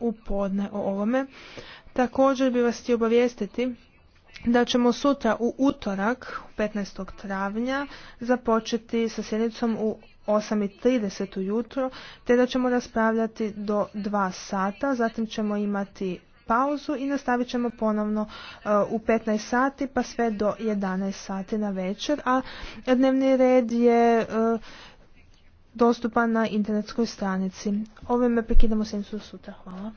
u podne o ovome. Također bih vas htio obavijestiti da ćemo sutra u utorak 15. travnja započeti sa sjednicom u 8.30 ujutro, te da ćemo raspravljati do 2 sata, zatim ćemo imati pauzu i nastavit ćemo ponovno uh, u 15 sati pa sve do 11 sati na večer, a dnevni red je uh, dostupan na internetskoj stranici. Ovime prekidamo sjednicu sutra. Hvala.